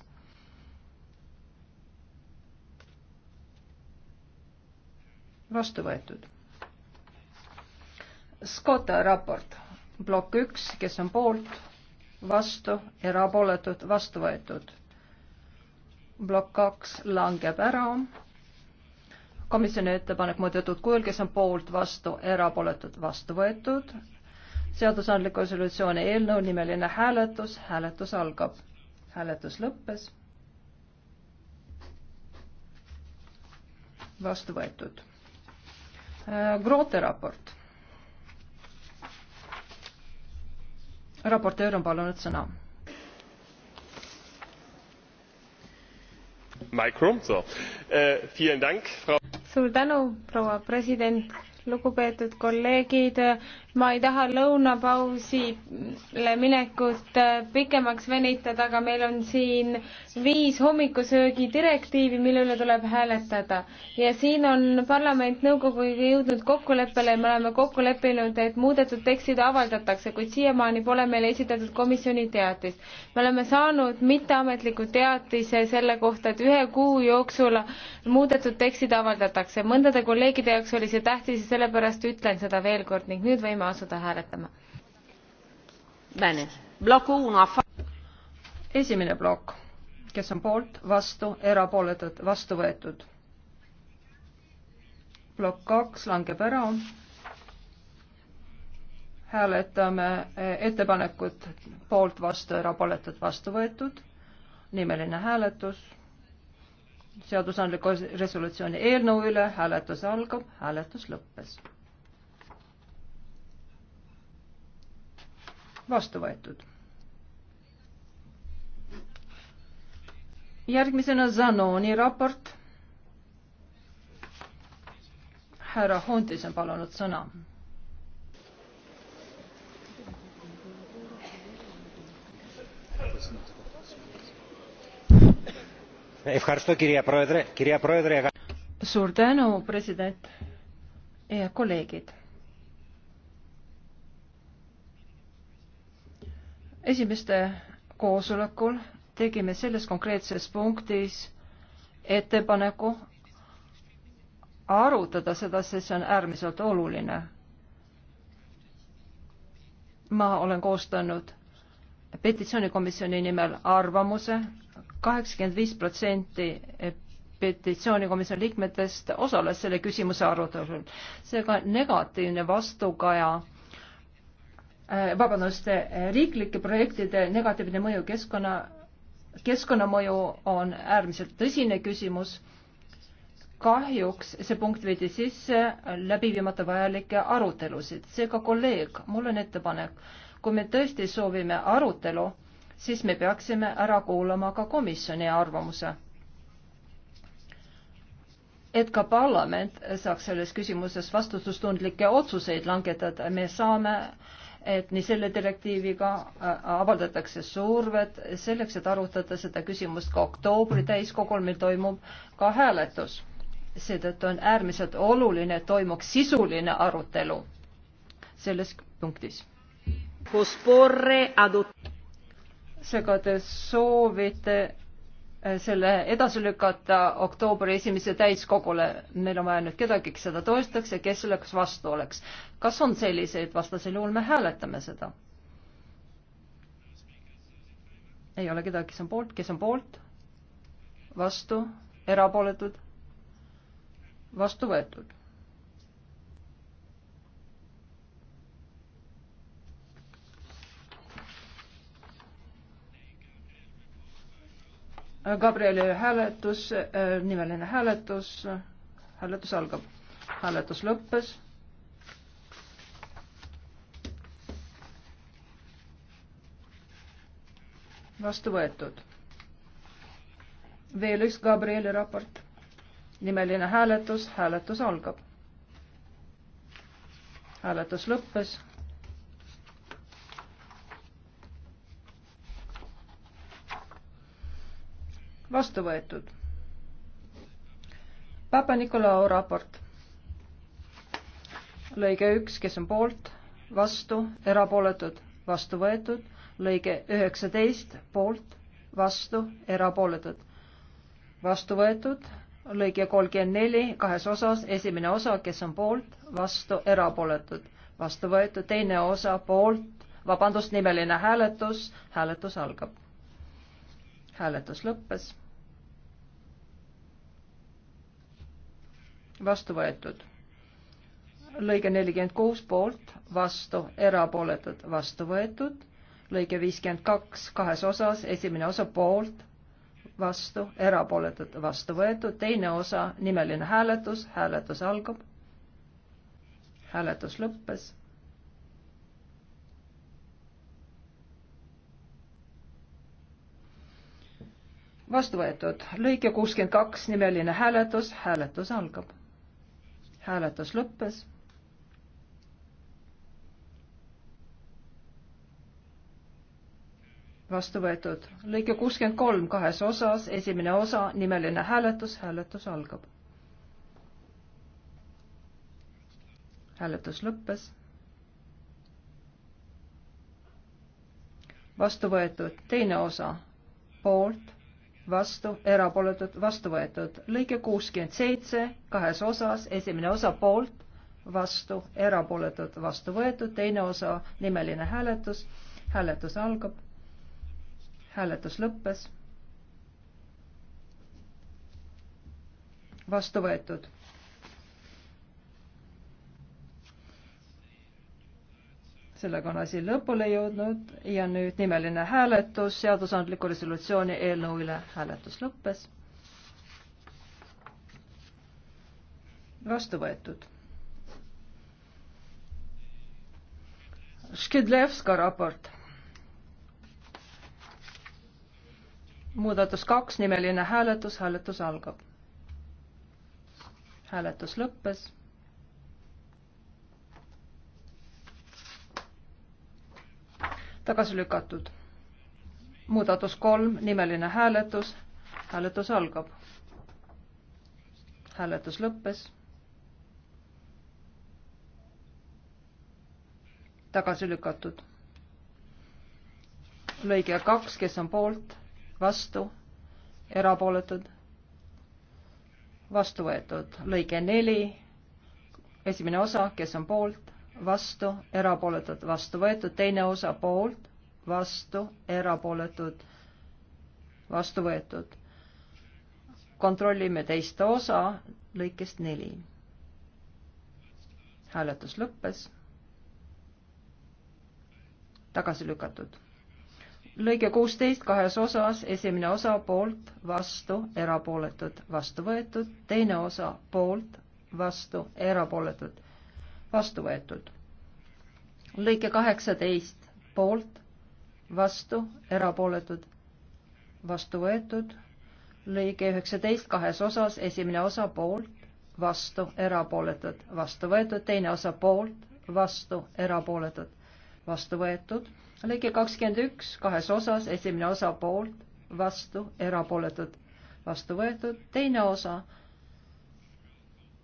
vastu võetud. Scotta raport, plokk üks, kes on poolt, vastu, erapooletud, vastu võetud. plokk kaks langeb ära komisjoni ettepanek muudetud kujul, kes on poolt, vastu, erapooletud, vastu võetud. seadusandliku resolutsiooni eelnõu nimeline hääletus, hääletus algab hääletus lõppes. vastu võetud. Äh, Groote raport. raportöör on palunud sõna. Äh, suur tänu, proua president, lugupeetud kolleegid, ma ei taha lõunapausile minekut äh, pikemaks venitada, aga meil on siin viis hommikusöögi direktiivi, mille üle tuleb hääletada. ja siin on parlament nõukoguga jõudnud kokkuleppele ja me oleme kokku leppinud, et muudetud tekstid avaldatakse, kuid siiamaani pole meile esitatud komisjoni teatist. me oleme saanud mitteametliku teatise selle kohta, et ühe kuu jooksul muudetud tekstid avaldatakse. mõndade kolleegide jaoks oli see tähtis ja sellepärast ütlen seda veel kord ning nüüd võime võime asuda hääletama. esimene plokk, kes on poolt, vastu, erapooletud, vastu võetud. plokk kaks langeb ära. hääletame eh, ettepanekut poolt, vastu, erapooletud, vastu võetud. nimeline hääletus seadusandliku resolutsiooni eelnõu üle hääletus algab, hääletus lõppes vastu võetud. järgmisena Zanoni raport. härra Hontis on palunud sõna. suur tänu, president ja kolleegid esimeste koosolekul tegime selles konkreetses punktis ettepaneku arutada seda, sest see on äärmiselt oluline. ma olen koostanud petitsioonikomisjoni nimel arvamuse, kaheksakümmend viis protsenti petitsioonikomisjoni liikmetest osales selle küsimuse arutelul. seega negatiivne vastukaja Äh, vabandust, äh, riiklike projektide negatiivne mõju keskkonna, keskkonnamõju on äärmiselt tõsine küsimus. kahjuks see punkt veidi sisse läbi viimata vajalikke arutelusid, seega kolleeg, mul on ettepanek, kui me tõesti soovime arutelu, siis me peaksime ära kuulama ka komisjoni arvamuse. et ka parlament saaks selles küsimuses vastutustundlikke otsuseid langetada, me saame äh, et nii selle direktiiviga äh, avaldatakse survet selleks, et arutada seda küsimust ka oktoobri täiskogul, meil toimub ka hääletus. seetõttu on äärmiselt oluline, et toimuks sisuline arutelu selles punktis. seega te soovite selle edasi lükata oktoobri esimese täiskogule. meil on vaja nüüd kedagi, kes seda toestaks ja kes selleks vastu oleks. kas on selliseid, vastasel juhul me hääletame seda. ei ole kedagi, kes on poolt, kes on poolt, vastu, erapooletud, vastu võetud Gabrieli hääletus, äh, nimeline hääletus, hääletus algab, hääletus lõppes. vastu võetud. veel üks Gabrieli raport, nimeline hääletus, hääletus algab, hääletus lõppes vastu võetud. Papa-Nikolau raport. lõige üks, kes on poolt, vastu, erapooletud, vastu võetud, lõige üheksateist, poolt, vastu, erapooletud, vastu võetud, lõige kolmkümmend neli, kahes osas, esimene osa, kes on poolt, vastu, erapooletud, vastu võetud, teine osa, poolt, vabandust, nimeline hääletus, hääletus algab. hääletus lõppes vastu võetud. lõige nelikümmend kuus poolt, vastu, erapooletud, vastu võetud. lõige viiskümmend kaks kahes osas, esimene osa poolt, vastu, erapooletud, vastu võetud, teine osa, nimeline hääletus, hääletus algab. hääletus lõppes vastu võetud. lõike kuuskümmend kaks nimeline hääletus, hääletus algab hääletus lõppes. vastu võetud lõike kuuskümmend kolm kahes osas, esimene osa, nimeline hääletus, hääletus algab. hääletus lõppes. vastu võetud teine osa, poolt vastu, erapooletud, vastu võetud. lõige kuuskümmend seitse kahes osas, esimene osa poolt, vastu, erapooletud, vastu võetud, teine osa nimeline hääletus, hääletus algab, hääletus lõppes, vastu võetud sellega on asi lõpule jõudnud ja nüüd nimeline hääletus seadusandliku resolutsiooni eelnõu üle hääletus lõppes. vastu võetud. Škidlevska raport. muudatus kaks, nimeline hääletus, hääletus algab. hääletus lõppes tagasi lükatud. muudatus kolm, nimeline hääletus. hääletus algab. hääletus lõppes. tagasi lükatud. lõige kaks, kes on poolt, vastu, erapooletud, vastu võetud. lõige neli, esimene osa, kes on poolt, vastu, erapooletud, vastu võetud, teine osa poolt, vastu, erapooletud, vastu võetud. kontrollime teist osa lõikest neli. hääletus lõppes. tagasi lükatud. lõige kuusteist kahes osas, esimene osa poolt, vastu, erapooletud, vastu võetud, teine osa poolt, vastu, erapooletud vastu võetud. lõike kaheksateist poolt, vastu, erapooletud, vastu võetud. lõige üheksateist kahes osas, esimene osa poolt, vastu, erapooletud, vastu võetud, teine osa poolt, vastu, erapooletud, vastu võetud. lõige kakskümmend üks kahes osas, esimene osa poolt, vastu, erapooletud, vastu võetud, teine osa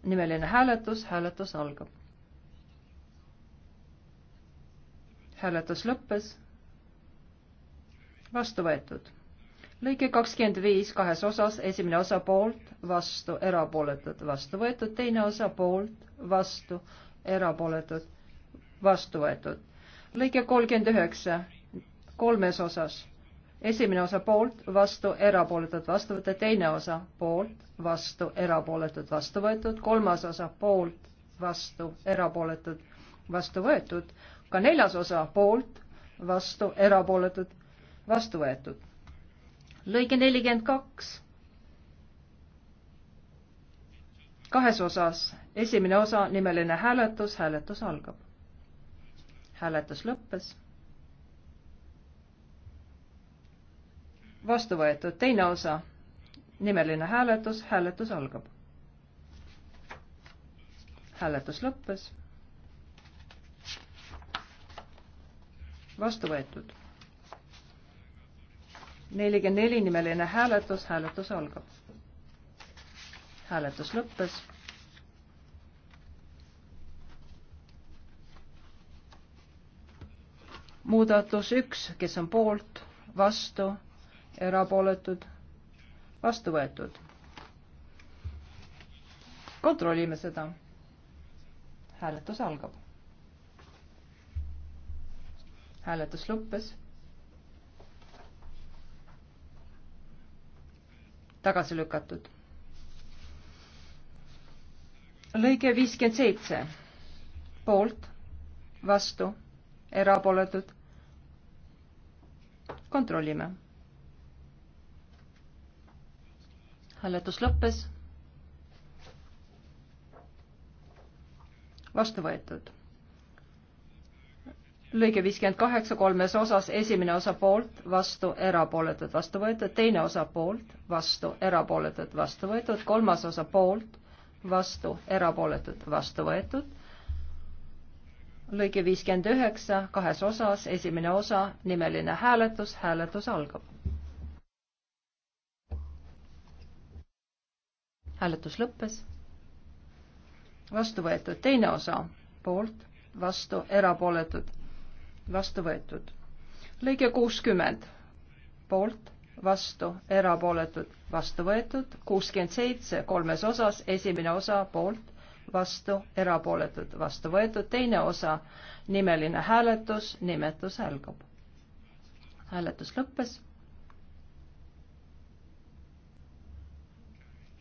nimeline hääletus, hääletus algab hääletus lõppes. vastu võetud. lõige kakskümmend viis kahes osas, esimene osa poolt, vastu, erapooletud, vastu võetud, teine osa poolt, vastu, erapooletud, vastu võetud. lõige kolmkümmend üheksa kolmes osas esimene osa poolt, vastu, erapooletud, vastu võetud, teine osa poolt, vastu, erapooletud, vastu võetud, kolmas osa poolt, vastu, erapooletud, vastu võetud, ka neljas osa poolt, vastu, erapooletud, vastu võetud. lõige nelikümmend kaks. kahes osas, esimene osa, nimeline hääletus, hääletus algab. hääletus lõppes. vastu võetud teine osa, nimeline hääletus, hääletus algab. hääletus lõppes vastu võetud. nelikümmend neli nimeline hääletus, hääletus algab. hääletus lõppes. muudatus üks, kes on poolt, vastu, erapooletud, vastu võetud. kontrollime seda. hääletus algab hääletus lõppes. tagasi lükatud. lõige viiskümmend seitse, poolt, vastu, erapooletud. kontrollime. hääletus lõppes. vastu võetud lõige viiskümmend kaheksa kolmes osas, esimene osa poolt, vastu, erapooletud, vastu võetud, teine osa poolt, vastu, erapooletud, vastu võetud, kolmas osa poolt, vastu, erapooletud, vastu võetud. lõige viiskümmend üheksa kahes osas, esimene osa, nimeline hääletus, hääletus algab. hääletus lõppes. vastu võetud teine osa, poolt, vastu, erapooletud vastu võetud. lõige kuuskümmend, poolt, vastu, erapooletud, vastu võetud, kuuskümmend seitse kolmes osas, esimene osa poolt, vastu, erapooletud, vastu võetud, teine osa, nimeline hääletus, nimetus algab. hääletus lõppes.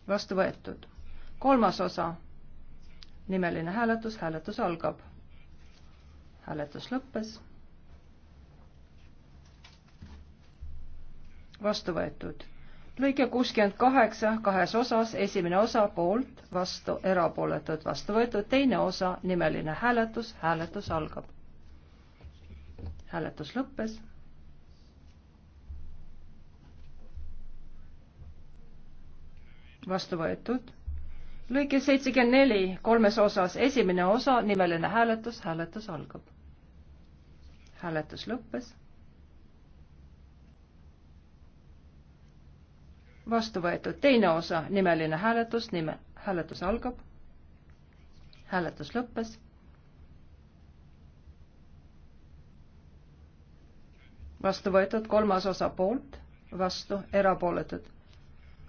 vastu võetud. kolmas osa, nimeline hääletus, hääletus algab. hääletus lõppes vastu võetud. lõige kuuskümmend kaheksa kahes osas, esimene osa poolt, vastu, erapooletud, vastu võetud, teine osa nimeline hääletus, hääletus algab. hääletus lõppes. vastu võetud. lõige seitsekümmend neli kolmes osas, esimene osa nimeline hääletus, hääletus algab. hääletus lõppes vastu võetud teine osa, nimeline hääletus, nime, hääletus algab, hääletus lõppes. vastu võetud kolmas osa poolt, vastu erapooletud.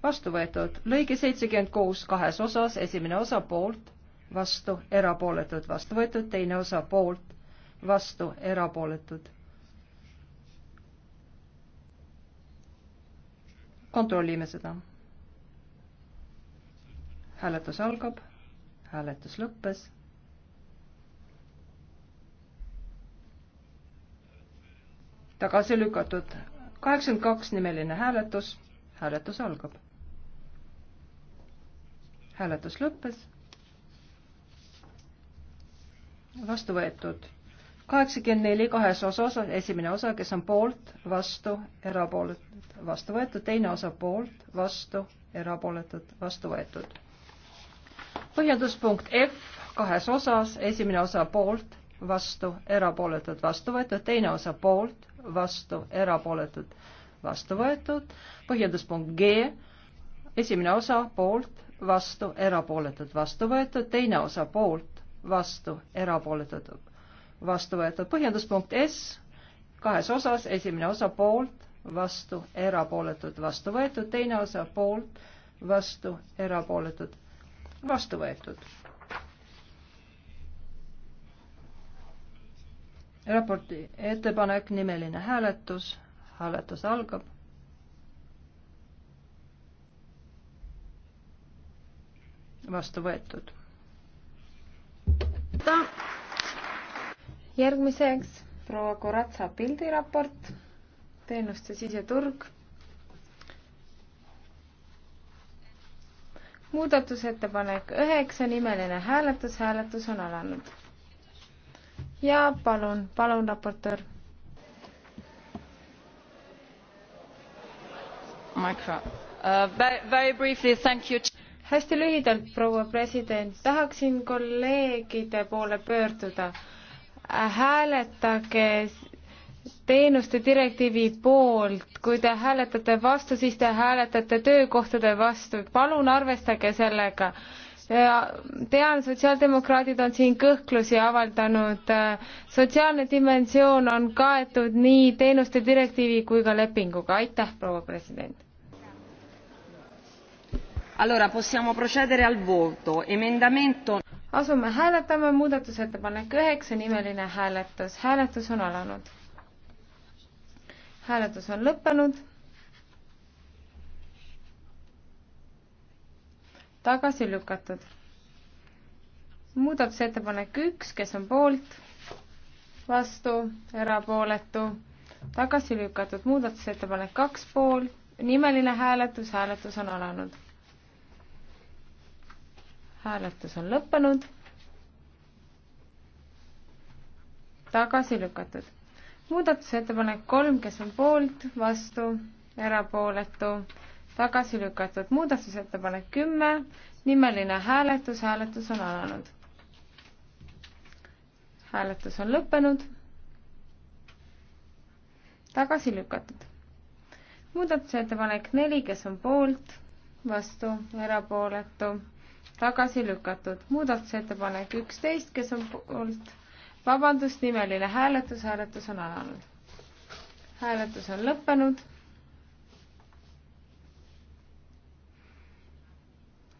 vastu võetud lõige seitsekümmend kuus kahes osas, esimene osa poolt, vastu erapooletud, vastu võetud teine osa poolt, vastu erapooletud kontrollime seda. hääletus algab, hääletus lõppes. tagasi lükatud kaheksakümmend kaks nimeline hääletus, hääletus algab. hääletus lõppes. vastu võetud kaheksakümmend neli kahes osas on esimene osa, kes on poolt, vastu, erapooletud, vastu võetud, teine osa poolt, vastu, erapooletud, vastu võetud. põhjenduspunkt F kahes osas, esimene osa poolt, vastu, erapooletud, vastu võetud, teine osa poolt, vastu, erapooletud, vastu võetud. põhjenduspunkt G, esimene osa poolt, vastu, erapooletud, vastu võetud, teine osa poolt, vastu, erapooletud, vastu võetud. põhjenduspunkt S kahes osas, esimene osa poolt, vastu, erapooletud, vastu võetud, teine osa poolt, vastu, erapooletud, vastu võetud. raporti ettepanek, nimeline hääletus, hääletus algab. vastu võetud. aitäh! järgmiseks proua Koratsa pildiraport, teenuste siseturg. muudatusettepanek üheksa, nimeline hääletus, hääletus on alanud. ja palun, palun, raportöör. Micro. Uh, very, very briefly, thank you hästi lühidalt, proua president, tahaksin kolleegide poole pöörduda hääletage teenuste direktiivi poolt, kui te hääletate vastu, siis te hääletate töökohtade vastu, palun arvestage sellega. tean, sotsiaaldemokraadid on siin kõhklusi avaldanud, sotsiaalne dimensioon on kaetud nii teenuste direktiivi kui ka lepinguga, aitäh, proua president. Allora possiamo procedere al voto. Emendamento asume hääletama muudatusettepanek üheksa, nimeline hääletus. hääletus on alanud. hääletus on lõppenud. tagasi lükatud. muudatusettepanek üks, kes on poolt, vastu, erapooletu, tagasi lükatud. muudatusettepanek kaks poolt, nimeline hääletus, hääletus on alanud hääletus on lõppenud. tagasi lükatud. muudatusettepanek kolm, kes on poolt, vastu, erapooletu, tagasi lükatud. muudatusettepanek kümme, nimeline hääletus, hääletus on alanud. hääletus on lõppenud. tagasi lükatud. muudatusettepanek neli, kes on poolt, vastu, erapooletu tagasi lükatud. muudatusettepanek üksteist, kes on poolt, vabandust, nimeline hääletus, hääletus on alanud. hääletus on lõppenud.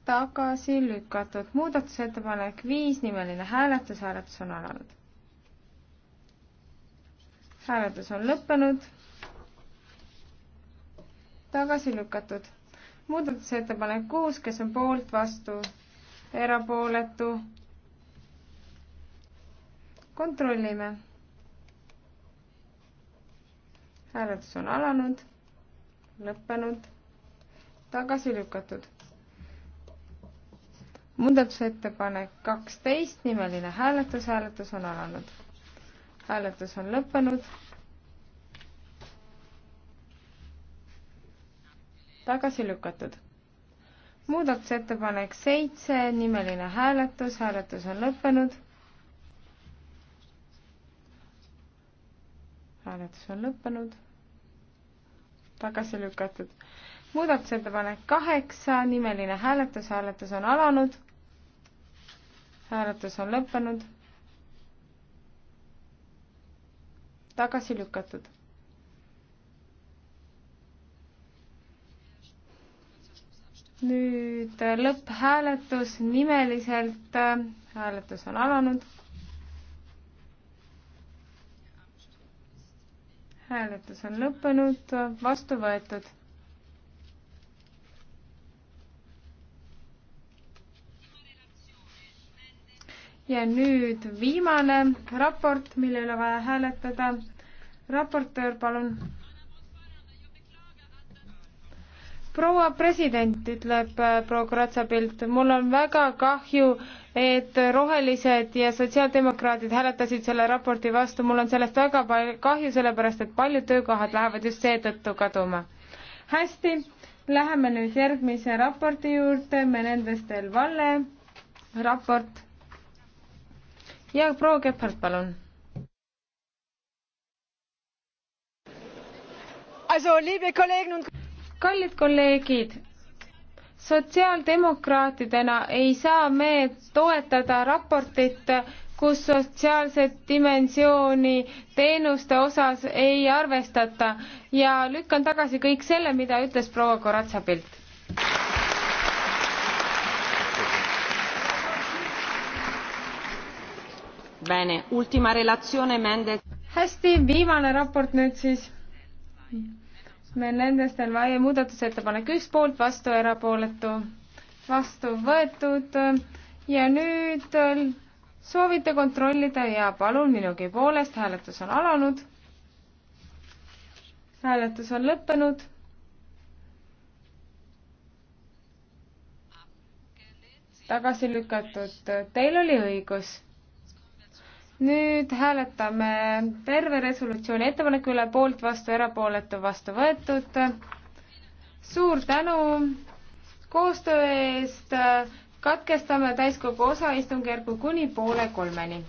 tagasi lükatud. muudatusettepanek viis, nimeline hääletus, hääletus on alanud. hääletus on lõppenud. tagasi lükatud muudatusettepanek kuus, kes on poolt, vastu, erapooletu. kontrollime. hääletus on alanud, lõppenud, tagasi lükatud. muudatusettepanek kaksteist, nimeline hääletus, hääletus on alanud. hääletus on lõppenud tagasi lükatud. muudatusettepanek seitse, nimeline hääletus, hääletus on lõppenud. hääletus on lõppenud. tagasi lükatud. muudatusettepanek kaheksa, nimeline hääletus, hääletus on alanud. hääletus on lõppenud. tagasi lükatud nüüd äh, lõpphääletus nimeliselt. Äh, hääletus on alanud. hääletus on lõppenud, vastu võetud. ja nüüd viimane raport, mille üle vaja hääletada. raportöör, palun proua president, ütleb äh, proua Kratsapilt, mul on väga kahju, et rohelised ja sotsiaaldemokraadid hääletasid selle raporti vastu, mul on sellest väga palju kahju, sellepärast et paljud töökohad lähevad just seetõttu kaduma. hästi, läheme nüüd järgmise raporti juurde, Menendestel Valle raport. ja proua Keppert, palun. Also, liebe Kollegen und kallid kolleegid, sotsiaaldemokraatidena ei saa me toetada raportit, kus sotsiaalset dimensiooni teenuste osas ei arvestata ja lükkan tagasi kõik selle, mida ütles proua Koratsapilt. hästi, viimane raport nüüd siis meil nendest on vaja muudatusettepanek üks poolt, vastu, erapooletu, vastu võetud ja nüüd äh, soovite kontrollida ja palun minugi poolest, hääletus on alanud. hääletus on lõppenud. tagasi lükatud, teil oli õigus nüüd hääletame terve resolutsiooni ettepaneku üle, poolt, vastu, erapooletu, vastu võetud. suur tänu koostöö eest, katkestame täiskogu osaistungjärgu kuni poole kolmeni